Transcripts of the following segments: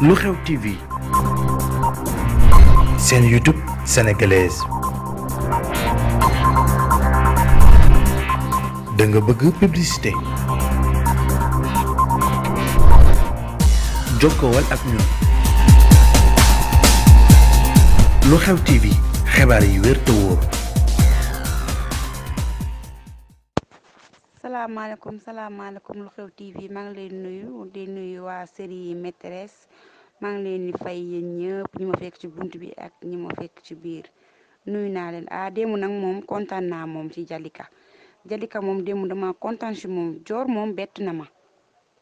lu xew TV seen YouTube sénégalaise da bëgg publicité jokkowal ak ñun lu xew TV xibaar yi wér te wóor. salaamaaleykum salaamaaleykum lu xew TV maa ngi nuyu di nuyu waa série maîtresse. maa leen di fay yéen ñëpp ñi ma fekk ci bunt bi ak ñi ma fekk ci biir nuyu naa leen ah démb nag moom kontaan naa moom ci Jalika Jalika moom démb dama kontaan si moom joor moom bett na ma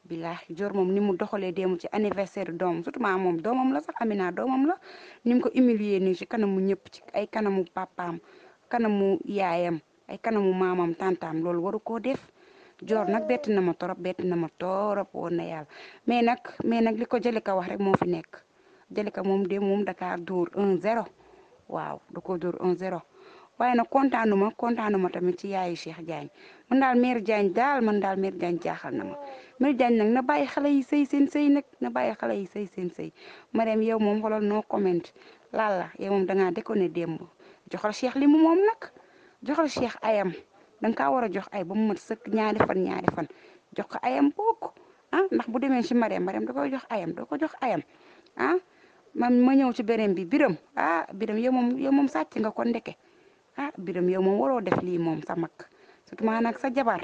billaahi joor moom ni mu doxalee démb ci anniversaire doom surtout moom doomam la sax Amina doomam la ni mu ko humilier nii ci kanamu ñëpp ci ay kanamu papaam kanamu yaayam ay kanamu maamam tantaam loolu waru koo def joor nag bett na ma torop bett na ma torop woon na yàlla mais nag mais nag li ko Jalika wax rek moo fi nekk Jalika moom de moom Dakar dóor 1-0 waaw da ko dóor 1-0 waaye nag kontaanu ma kontaanu ma tamit ci yaayu Cheikh Diagne mën daal mère Diagne daal man daal mère Diagne jaaxal na ma mère Diagne nag na bàyyi xale yi say seen sëy nag na bàyyi xale yi say seen sëy Marème yow moom xoolal no comment laal la yow moom dangaa déconné démb joxal Cheikh li mu moom nag joxal Cheikh ayam. da ka kaa war a jox ay ba mu mat sëkk ñaari fan ñaari fan jox ko ayam bokk ah ndax bu demee ci mareem mareem da jox ayam da ko jox ayam ah man ma ñëw ci beneen bi biram ah biram yow moom yow moom sàcc nga kon ndeke ah biram yow moom waroo def lii moom sa mag surtout maanaam sa jabar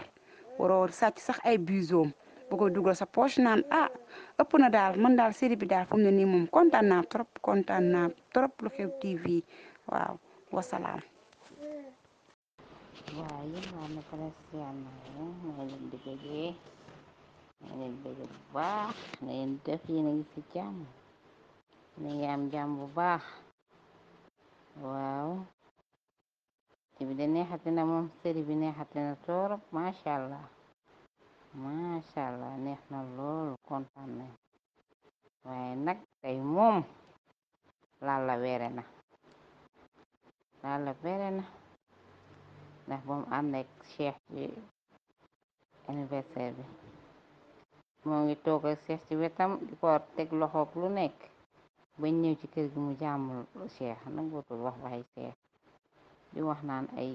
waroo sàcc sax ay busoom bu ko dugal sa poche naan ah ëpp na daal man daal série bi daal fu ne nii moom kontaan naa trop kontaan naa trop lu xew TV waaw wasalaam. Waaye maa nekkoon seen maa leen di bëggee maa leen bëggee bu baax na leen def yéen a ngi ci jàmm na ngi am jàmm bu baax waaw bi de neexati na moom séri bi neexati na torop macha allah macha allah neex na lool kontaan nag tey moom lala weere na laala weere na. ndax ba mu ànd ak Cheikh ci anniversaire bi moo ngi toog ak Cheikh ci wetam di ko teg loxoog lu nekk bañ ñëw ci kër gi mu jàmmul Cheikh nangutul wax waxi Cheikh di wax naan ay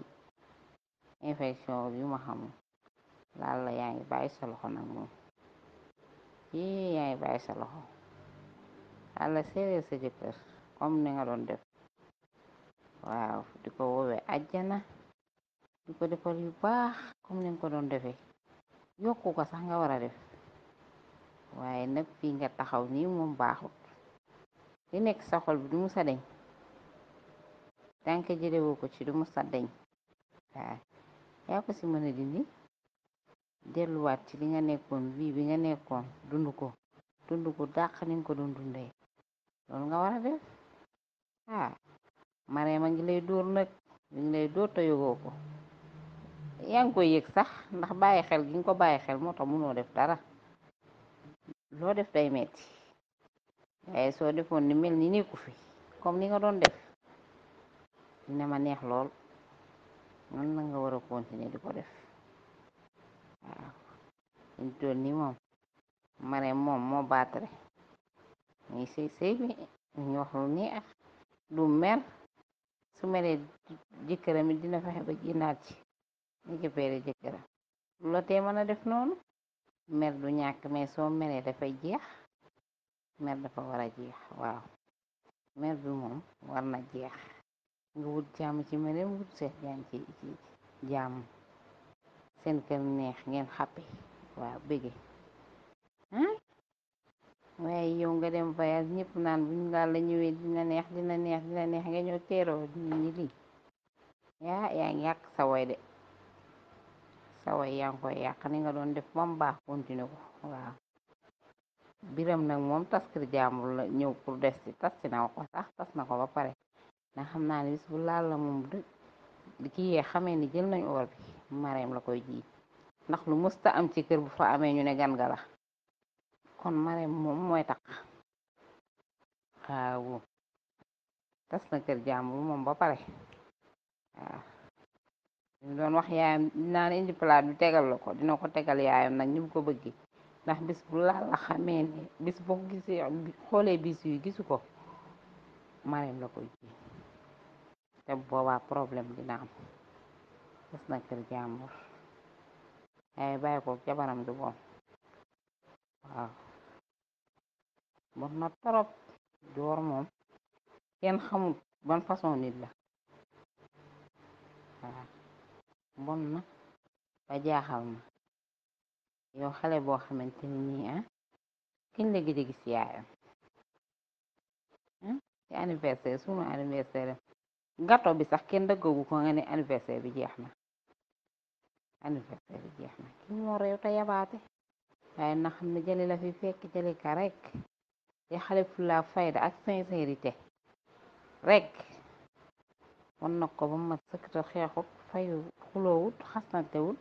infection yu ma xamul laal la yaa ngi bàyyi sa loxo nag moom yi yaa ngi bàyyi sa loxo Alla séeréer sa jëkkër comme ni nga doon def waaw di ko woowee ajjana di ko defar yu baax comme nañ ko doon defee yokku ko sax nga war a def waaye nag fii nga taxaw nii moom baaxut li nekk sa xol bi du mu sa deñ tànk jëlewoo ko ci du mu sa deñ waaw mën a dindi delluwaat ci li nga nekkoon bii bi nga nekkoon dund ko dund ko dàq ni nga ko doon dundee loolu nga war def ah Marème a ngi lay dóor nag mi ngi lay dóor te yógoo ko yaa ngi koy yëg sax ndax bàyyi xel gi nga ko bàyyi xel moo tax munoo def dara loo def day metti waaye soo defoon ni mel ni nekku fi comme ni nga doon def ne ma neex lool noonu la nga war a continuer di ko def waaw ni moom mare moom moo baatare muy sëy sëy bi ñu wax lu ni ak du mer su meree jëkkëram dina fexe ba génnaat ci mu jëppëere jëkkëram lotee mën a def noonu mer du ñàkk mais soo meree dafay jeex mer dafa war a jeex waaw mer bi moom war na jeex nga wut jàmm ci mereem wut seet jàmm ci ci seen kër neex ngeen xappe waaw bëgge waaye yow dem voyage ñëpp naan bu ñu daal la ñëwee dina neex dina neex nga ñëw teeroo nit ñi lii yaa yaa de sa way yaa ngi yàq ni nga doon def ba mu baax continué ko waaw biram nag moom taskir jaambur la ñëw pour des ci tas ci na ko sax tas na ko ba pare ndax xam na ne bis laal la moom di ki yee xamee ni jël nañ or bi mareem la koy ji ndax lu musta am ci kër bu fa amee ñu ne gan ga la kon mareem moom mooy tax waaw tas na kër jaambur ba pare ñu doon wax yaayam naan indi palaat bi tegal la ko dina ko tegal yaayam nag ñu ko bëgg ndax bis bu la la xamee ne bis boo ko gisee xoolee bis yu gisu ko mareem la ko ji te boobaa problème dina am des na kër jàmbur waaye ko jabaram du bon waaw bon na torop joor moom kenn xamul ban façon nit la waaw bon ma ba jaaxal ma yow xale boo xamante ni nii ah kiñ la gëj a gis yaayam ah, ci anniversaire sunu anniversaire gato bi sax kenn dëggagu ko nga ne anniversaire bi jeex na anniversaire bi jeex na ki moo réew te yabaate waaye na xam ne jëli fi fekk jëli ka rek di xale fulla fayda ak sincérité rek wan na ko mat sëkk te xeexut fayu xulowut xasantewut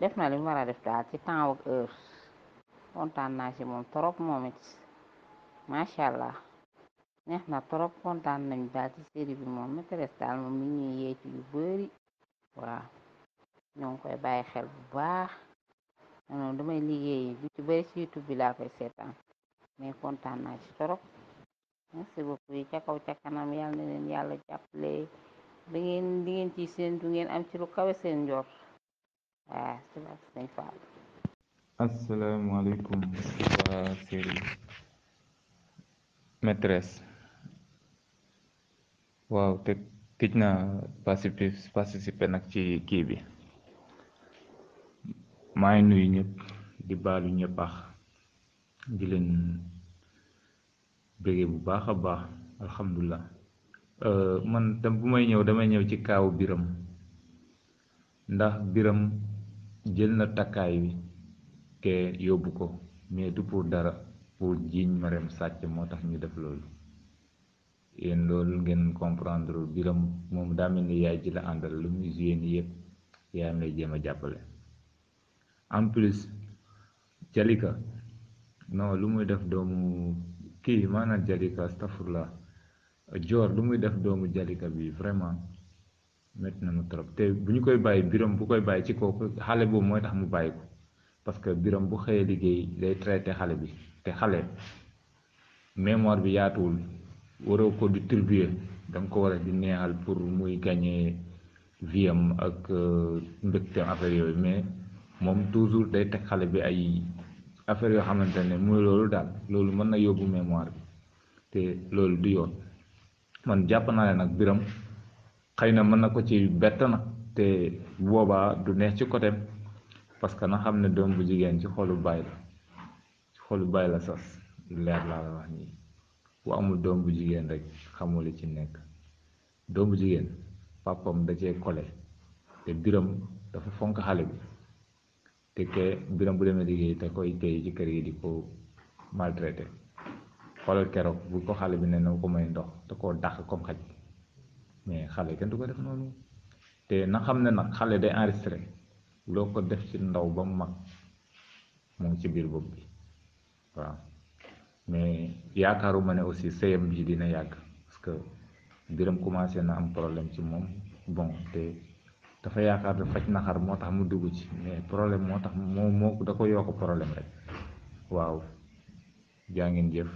def na li mu war a def daal ci temps ak heure kontaan naa ci moom trop moom it macha allah neex na trop kontaan nañ daal ci série bi moom maîtresse daal moom li ñuy yeecu yu bari waaw ñoo ngi koy bàyyi xel bu baax damay liggéey lu ci bari ci youtube bi laa koy seetaan mais kontaan naa ci trop merci yi ca kaw ca kanam yàlla na leen yàlla jàppale da ngeen di ngeen ci ngeen am ci lu kawe seen njort waaw si la sëñ Fall asalaamaaleykum waa série maîtresse waaw te naa participer nag ci kii bi maa ngi nuyu ñëpp di baalu ñëpp di leen bëggee bu baax a baax alhamdulilah Euh, man tam bu may ñëw damay ñëw ci kaawu biram ndax biram jël na takkaay bi te yóbbu ko mais du pour dara pour jiiñ Marème sàcc moo tax ñu def loolu yéen loolu ngeen comprendre biram moom daa mel ni yaay ji la àndal lu muy joué nii yëpp yaayam lay jéem a jàppale en plus jalika non lu muy def doomu kii maanaam jalika astafurlah joor du muy def doomu jalika bi vraiment métti na mu trop te bu ñu koy bàyyi biram bu koy bàyyi ci kooku xale boobu mooy tax mu bàyyi ko parce que biram bu xëyee liggéey day traité xale bi te xale mémoire bi yaatuwul waroo ko di tribuer da ko war a di neexal pour muy gagné vie am ak euh, mbégteem affaire yooyu mais moom toujours day teg xale bi ay affaire yoo xamante ne muy loolu daal loolu mën na yóbbu mémoire bi te loolu du yoon. man jàpp naa ne nag biram xëy na mën na ko ci bett na te boobaa du neex ci côté parce que na xam ne doom bu jigéen ci xoolu baay la ci xolu baay la sas leer laa la wax nii ku amul doom bu jigéen rek xamul li ci nekk doom bu jigéen pàppam da cee kole te biram dafa fonk xale bi te ke biram bu demee liggéey te koy tey ci kër yi di ko maltraité xoolal keroog bu ko xale bi ne na ko may ndox da koo dàq comme xaj mais xale kenn du ko def noonu te na xam ne nag xale day enregistré loo ko def ci ndaw ba mu mag mu ngi ci biir bopp bi waaw mais yaakaaruma ne aussi sëyam bi dina yàgg parce que biram commencé na am problème ci moom bon te dafa yaakaar ne faj na xar moo tax mu dugg ci mais problème moo tax moo moo da ko yokk problème rek waaw jaa ngeen jëf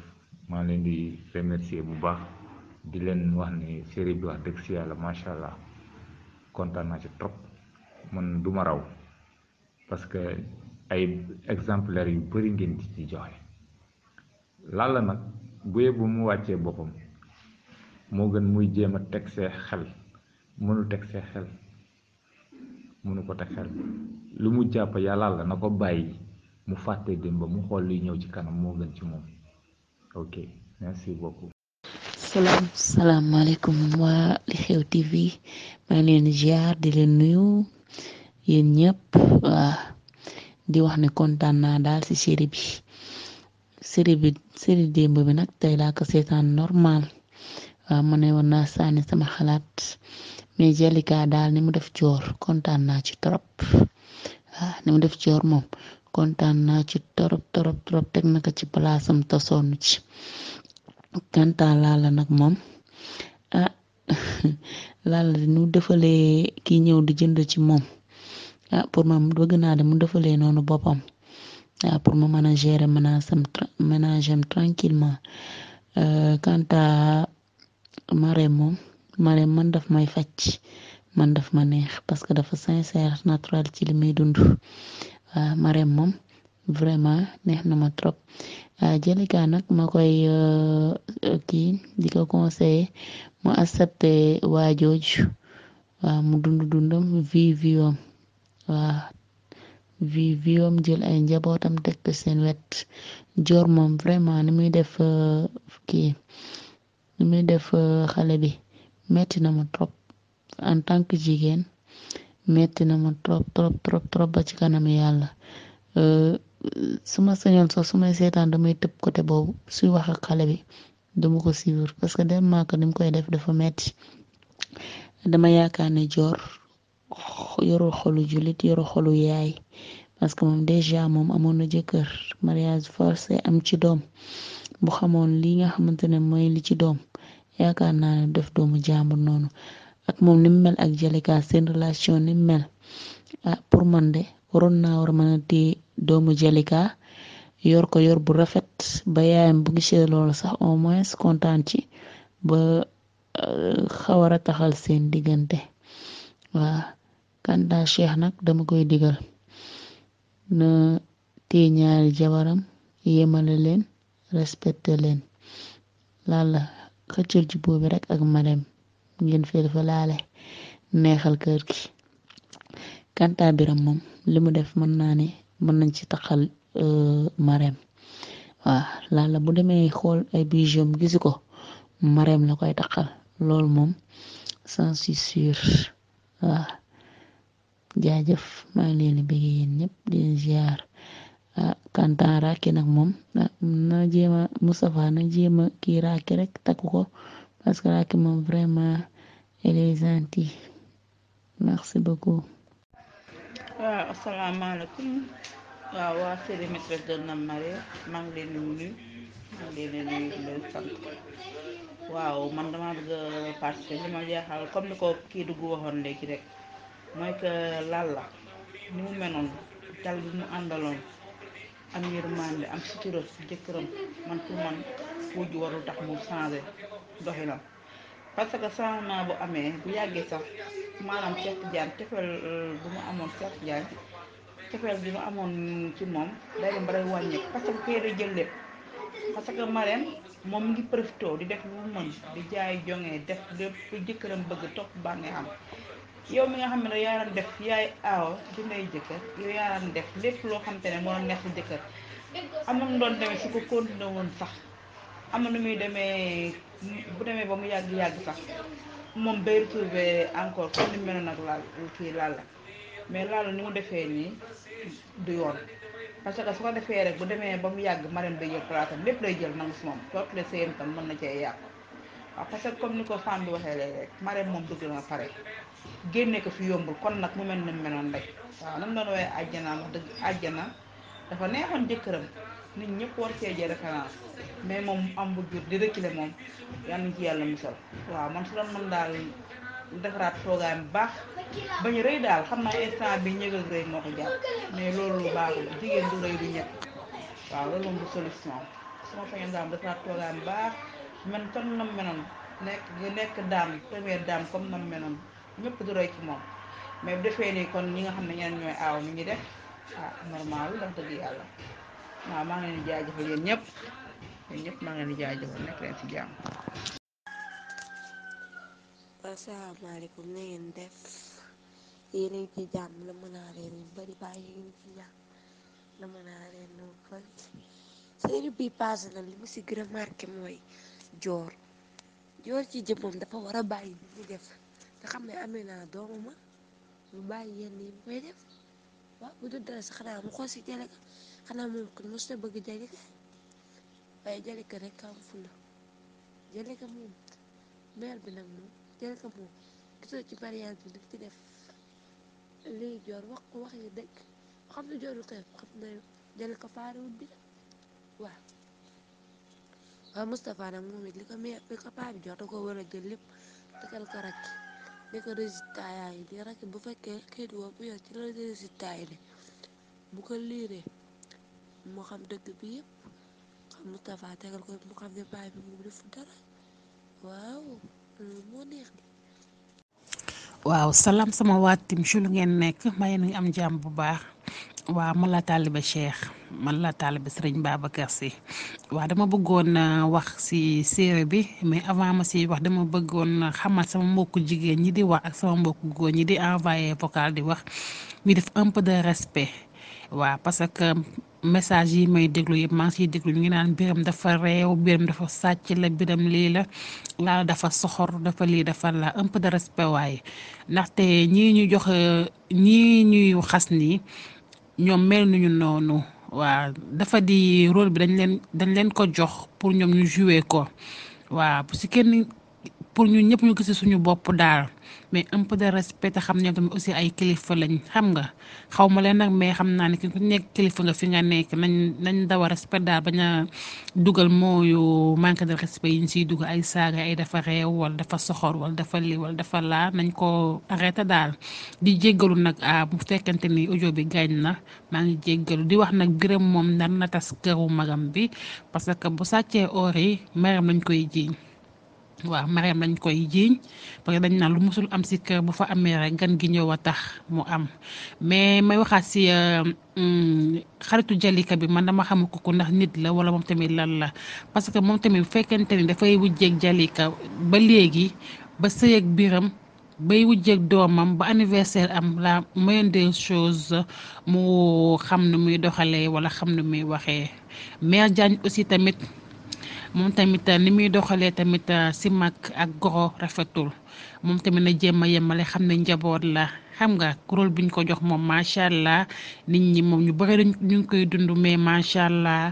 maa leen di remercier bu baax di leen wax ni série bi wax dëgg si yàlla macha allah kontaan naa ci trop man du ma raw parce que ay exemplaires yu bari ngeen di ci joxe Lalla nag bu bu mu wàccee boppam moo gën muy jéem a teg see xel mënul teg see xel mënu ko teg xel lu mu jàpp yàlla la na ko bàyyi mu fàtte démb mu xool luy ñëw ci kanam moo gën ci moom. ok merci beaucoup. salaam salaamaaleykum waa li xew TV maa leen ziar di leen nuyu yéen ñëpp waa di wax ni kontaan naa daal ci série bi série bi démb bi nag tey laa ko seetaan normal waaw ma ne woon naa sànni sama xalaat mais Jalika daal ni mu def joor kontaan naa ci trop waaw ni mu def joor moom kontaan naa ci torop torop torop teg na ko ci palaasam te sonn ci kanta laala nag moom ah laala di nu defalee ki ñëw di jënd ci moom ah pour ma bëgg naa de mu defalee noonu boppam ah pour ma mën a gérer ménageam ménageam tranquillement euh, kanta mare moom mare man daf may faj man daf ma neex parce que dafa sincère naturel ci li muy dund Ah, Marème moom vraiment neex na ma trop ah, Jalika nag ma koy euh, kii di ko conseiller mu accepté waa jooju waaw ah, mu dund dundam vi viom waaw vi jël ay njabootam teg ko seen wet joor moom vraiment ni muy def euh, kii ni muy def euh, xale bi metti na ma trop en tant que jigéen metti na ma trop trop trop trop ba ci kanam yàlla euh, su ma sañoon sax su may seetaan damay tëb côté boobu suy wax xale bi dama ko suivre parce que dem maa ko koy def dafa metti dama yaakaar ne joor yorul xolu jullit yorul xolu yaay parce que moom déjà moom amoon na jëkkër mariage forcé am ci doom bu xamoon li nga xamante ne mooy li ci doom yaakaar naa ne def doomu jàmbur noonu moom ni mu mel ak Jalika seen relation ni mel ah pour man de waroon na war a mën a téye doomu Jalika yor ko yor bu rafet ba yaayam bu gisee lool sax au moins kontaan ci ba euh, xaw a taxal seen diggante waaw kanta Cheikh nag dama koy digal na téye ñaari jabaram yemale leen respecté leen laala xëccal ci boobu rek ak madem ngeen fee dafa laale neexal kër gi kanta biram moom li mu def mën naa ne mën nañ ci taxal euh, mareem waaw laala bu demee xool ay bijoux gisi ko mareem la koy taxal loolu moom sans sûr waaw jaajëf maa ngi leen di bëgg yéen ñëpp di leen ziar ah raaki nag moom ah, na jéema Moustapha na jéema kii raaki rek takku ko parce que Racky moom vraiment elle est gentille merci beaucoup. waaw ah, asalaamaaleykum waaw waa série Maîtresse d'un homme marié maa ngi leen di nuyu maa leen di nuyu di waaw man damaa bëgg a participer li ma jeexal comme ni ko kii dugg waxoon léegi rek mooy que la ni mu menoon dal bi mu àndaloon am yërmande am sutura si jëkkëram man pour man wujj warul tax mu changé. doxinam parce que saaw bu amee bu yàggee sax maanaam Cheikh Tidiane cofeel bu mu amoon Cheikh Tidiane bi mu amoon ci moom day dem ba day wàññeeku parce que kee day jël lépp parce que Marème moom ngi profité di def lu mu mën di jaay joŋee def lépp lu jëkkëram bëgg topp bànneexam yow mi nga xam ne yaaram def yaay aawo di nay jëkkër yow yaaram def lépp loo xam te ne moo neex jëkkër am na mu doon demee su ko continué woon sax am na nu muy demee bu demee ba mu yàgg yàgg sax moom day retrouver encore comme ni mu meloon ak kii laal mais laalu ni mu defee nii du yoon parce que su defee rek bu demee ba mu yàgg Marème day jël palaatam lépp lay jël nangu si moom sootu mën na cee yàqu waaw parce comme ni ko femme bi waxee léegi rek Marème moom dugg na génne ko fi yombul kon nag mu mel ni mu meloon rek waaw nam doon woowee àjjana wax dëgg àjjana dafa neexoon jëkkëram nit ñëpp war cee jël référence mais moom am bu jur di reculer moom yal nañ ci yàlla musal waaw man su doon mën daal defaraat programme bu baax bañ rëy daal xam naa instant bi ñëg ak rëy mais loolu lu baaxul jigéen du rëy du ñëpp waaw moom du solution sama fañoon daal defaraat programme baax man comme nam menoon nekk nekk daam première daam comme nam menoon ñëpp du rëy ci moom mais bu defee nii kon ñi nga xam ne ñeneen ñooy aaw mi ngi def ah normal ndax dëgg yàlla waaw maa ngi leen di jaajëfal yéen ñëpp yéen ñëpp maa ngi leen di jaajëfal nekk leen ci jàmm. asalaamaaleykum na ngeen def yéen a ngi ci jàmm la mën naa leen bari bàyyi yéen ci jàmm la mën naa leen bari série bi passé na li mu si gën a ci jëmmam dafa war a bàyyi li mu def te xam ne amee naa doomu ma bàyyi yenn yi mu def waaw bu dul dara sax xanaa mu xool si télé xanaa moom kon mos na bëgg Jalika waaye Jalika rek am fula Jalika moom mère bi nag moom Jalika moom gisoo ci mariage bi nag ci def lii joor wax wax yi dëgg xam ne jooru koy xam na Jalika faarewut bi waaw waaw Moustapha nag moom it li ko mère li ko paa bi jox da ko war a jël lépp tegal ko rakk ne rakk bu fekkee këyit woo bu yor ci la résultat yi ne bu ko liiree moo tegal ko mu waaw salaam sama waatim ci ngeen nekk may nu am jàmm bu baax waaw man la taalibe Cheikh man la taalibe sëriñ Babacar Sy waaw dama bëggoon euh, wax ci séeréer bi mais avant ma ci wax dama bëggoon euh, xamal sama mbokku jigéen ñi di wax ak sama mbokku góor ñi di envoyé vocal di wax ñu def un peu de respect waaw parce que message yi may déglu yëpp maa ngi siy déglu ñu ngi naan biram dafa réew biram dafa sàcc la biram lii la laala dafa soxor dafa lii dafa la un peu de respect waaye ndaxte ñii ñuy jox ñii ñuy xas ni ñoom mel nañu noonu waa dafa di rôle bi dañ leen dañ leen ko jox pour ñoom ñu jouer ko waaw bu si kenn pour ñu ñëpp ñu gis suñu bopp daal mais un peu de respect xam ne tamit aussi ay kilifa lañ xam nga xaw ma leen nag mais xam naa ne ku nekk kilifa nga fi nga nekk nañ nañ daw a respect daal a dugal mooyu manque de respect yi ñu siy dugal ay saaga ay dafa réew wala dafa soxor wala dafa li wala dafa laa nañ ko arrêté daal di jéggalu nag a ah, bu fekkante ni audio bi gaañ na maa ngi di wax nag Birame moom nar na tas këru magam bi parce que bu sàccee or yi meram lañ koy jiiñ waaw Mariam lañ koy jiiñ parce que dañ naan lu mësul am si kër bu fa amee rek gan gi ñëw a tax mu am mais may waxaat si euh, mm, xaritu jalika bi man dama xamu ko ndax nit la wala moom tamit lan la parce que moom tamit bu fekkente ni dafay wujjeeg jalika ba léegi ba sëyeeg biram bay wujjeeg doomam ba anniversaire am la moindre chose mu xam nu muy doxalee wala xam nu muy waxee mère Diagne aussi tamit. moom tamit euh, ni muy doxalee tamit euh, si mag ak goro rafetul moom tamit na jéem a yemale xam ne njaboot la xam nga kuréel bi ñu ko jox moom macha allah nit ñi moom ñu bëri ñu ngi koy dund mais macha allah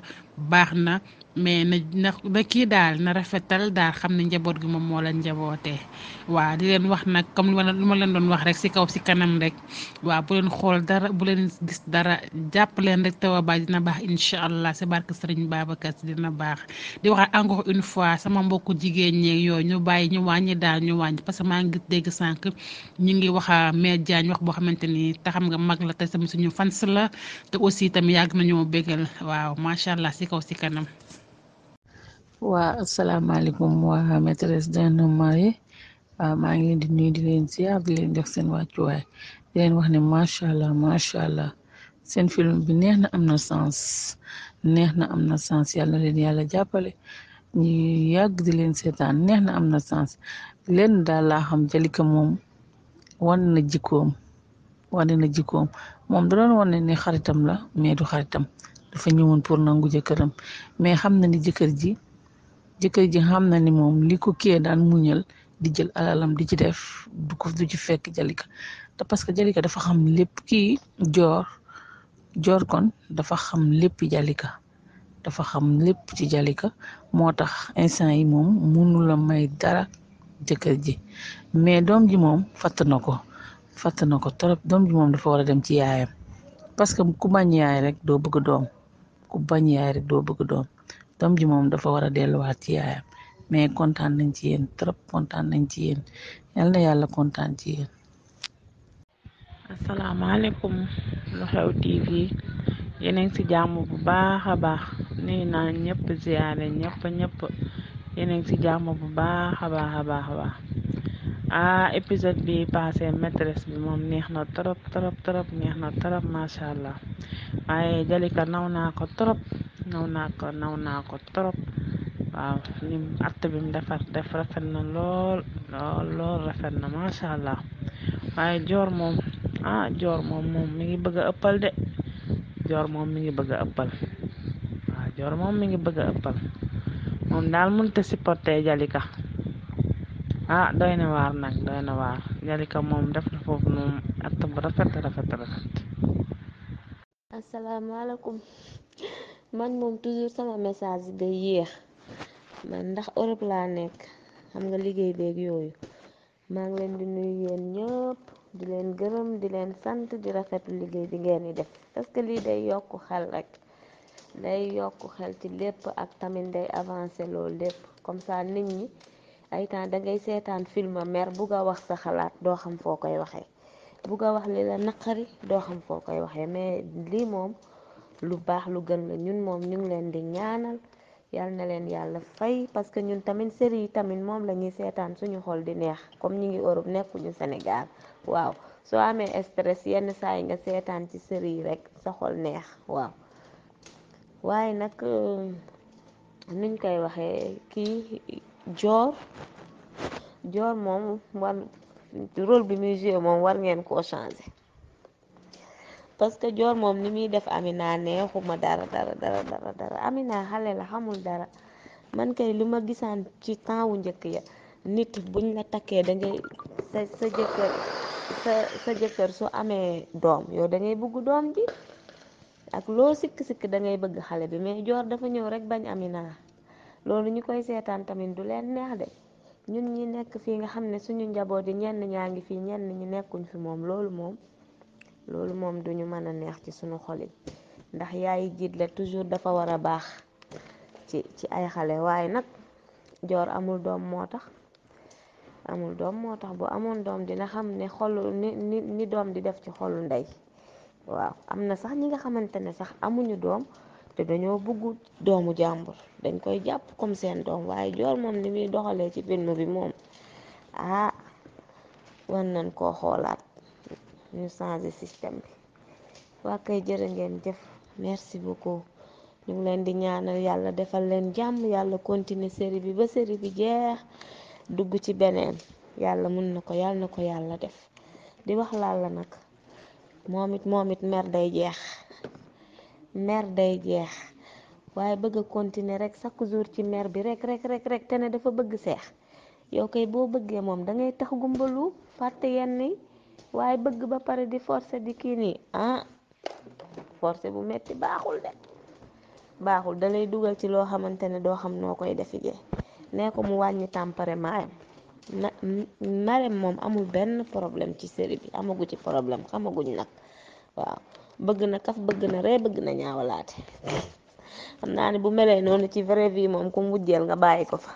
baax na. mais na na kii daal na rafetal daal xam ne njaboot gi moom moo leen njabootee waaw di leen wax nag comme lu ma leen doon wax rek si kaw si kanam rek waaw bu leen xool dara bu leen gis dara jàpp leen rek tawa baa dina baax incha allah si barke Sëriñ Babacar si dina baax di wax encore une fois sama mbokku jigéen ñeeg yooyu ñu bàyyi ñu wàññi daal ñu wàññi parce que maa ngi dégg sànq ñu ngi wax mère Diagne wax boo xamante ni te xam nga mag la te sama suñu fans la te aussi tamit yàgg nañoo bégal waaw macha allah si kaw si kanam. waa asalaamaaleykum waa maîtresse d'un homme marié waaw ah, maa ngi leen di nuy di leen ziar di leen jox seen wàccuwaay di leen wax ne macha allah macha allah seen film bi neex na am na sens neex na am na sens yàlla na leen yàlla jàppale ñu yàgg di leen seetaan neex na am na sens leen daal laaxam xam Jalika moom wan na jikkoom wan na jikkoom moom da doon wan ne xaritam la mais du xaritam dafa ñëwoon pour nangu jëkkëram mais xam na ni jëkkër ji. jëkkër ji xam na ni moom li ko kiyee daan muñal di jël alalam di ci def du du ci fekk Jalika te parce que Jalika dafa xam lépp kii joor joor kon dafa xam lépp Jalika dafa xam lépp ci Jalika moo tax instant yi moom munu la may dara jëkkër ji mais doom ji moom fatt na ko fatt na ko trop doom ji moom dafa war a dem ci yaayam parce que ku bañ yaay rek doo bëgg doom ku bañ yaay rek doo bëgg doom doom ji moom dafa war a delluwaat ci yaayam mais kontaan nañ ci yéen trop kontaan nañ ci yéen yal na yàlla kontaan ci yéen. asalaamaaleykum lu xew TV yéen a ngi jàmm bu baax a baax nuyu naa ñëpp ziyaare ñëpp ñëpp yéen a ngi si jàmm bu baax a baax a baax ah épisode bi passé maîtresse bi moom neex na trop trop trop neex na trop macha allah waaye Jalika naw naa ko trop. naw naa ko naw naa ko trop waaw lim att bi defar def rafet na lool lool lool rafet na macha allah waaye joor moom ah joor moom mi ngi bëgg a ëppal de joor moom mi ngi bëgg a ëppal moom mi ngi bëgg a ëppal moom daal mënta supporté jalika a ah, doy ne waar nag doy na waar jalika moom def na foofu moom att rafet man moom toujours sama message yi yéex man ndax Europe laa nekk xam nga liggéey beeg yooyu maa ngi leen di nuyu yéen ñëpp di leen gërëm di leen sant di rafetlu liggéey bi ngeen di def parce lii day yokk xel rek day yokk xel ci lépp ak tamit day avancé loolu lépp comme ça nit ñi ay temps dangay seetaan film mer bugg wax sa xalaat doo xam foo koy waxee bugg wax li la naqari doo xam foo koy waxee mais lii moom. lu baax lu gën la ñun moom ñu ngi leen di ñaanal yal na leen yàlla fay parce que ñun tamit série yi tamit moom lañuy seetaan suñu xol di neex comme ñu ngi Europe nekkuñu Sénégal waaw soo amee stress yenn saa yi nga seetaan ci série yi rek sa xol neex waaw waaye nag euh, nuñ koy waxee kii joor joor moom war rôle bi muy moom war ngeen koo changé parce que joor moom ni muy def Amina neexuma dara dara dara dara Amina xale la xamul dara man kay lu ma gisaan ci temps wu njëkk ya nit buñ la takkee da ngay sa sa jëkkër su amee doom yow da ngay bëgg doom ji ak loo sikk-sikk dangay bëgg xale bi mais joor dafa ñëw rek bañ Amina loolu ñu koy seetaan tamit du leen neex de ñun ñi nekk fii nga xam ne suñu njaboot yi ñenn ñaa ngi fii ñenn ñi nekkuñ fi moom loolu moom loolu moom duñu mën a neex ci suñu xol yi ndax yaay jiit la toujours dafa war a baax ci ci ay xale waaye nag joor amul doom moo tax amul doom moo tax bu amoon doom dina xam ne xolu ni ni doom di def ci xolu ndey waaw am na sax ñi nga xamante ne sax amuñu doom te dañoo bëgg doomu jàmbur dañ koy jàpp comme seen doom waaye joor moom ni muy doxalee ci film bi moom ah war nañ koo xoolaat ñu changé système bi waa kay jërë ngeen jëf merci beaucoup ñu ngi leen di ñaanal yàlla defal leen jàmm yàlla continuer série bi ba série bi jeex dugg ci beneen yàlla mun na ko yàlla na ko yàlla def di wax Lalla nag moom it moom it mer day jeex mer day jeex waaye bëgg a continuer rek chaque jour ci mer bi rek rek rek te ne dafa bëgg seex yow kay boo bëggee moom da tax gumbalu fàtte yenn waaye bëgg ba pare di forcer di kii nii ah forcer bu metti baaxul de baaxul dalay dugal ci loo xamante ne doo xam noo koy defi nee ko mu wàññi tàmpare maayam na moom amul benn problème ci série bi amagu ci problème xamaguñ nag waaw bëgg na kaf bëgg na ree bëgg na ñaawalaate xam naa ne bu melee noonu ci vraie vie moom ku mujjeel nga bàyyi ko fa